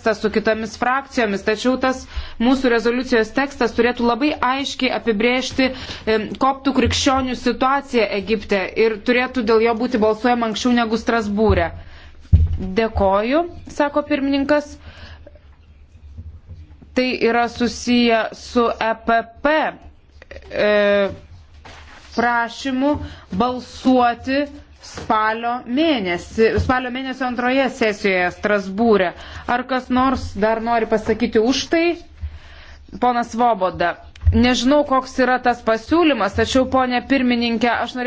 tekstas su kitomis frakcijomis, tačiau tas mūsų rezoliucijos tekstas turėtų labai aiškiai apibrėžti koptų krikščionių situaciją Egipte ir turėtų dėl jo būti balsuojama anksčiau negu Strasbūrė. Dėkoju, sako pirmininkas. Tai yra susiję su EPP e, prašymu balsuoti spalio mėnesį, spalio mėnesio antroje sesijoje Strasbūrė. Ar kas nors dar nori pasakyti už tai? Ponas Voboda, nežinau, koks yra tas pasiūlymas, tačiau, ponė pirmininkė, aš norėčiau.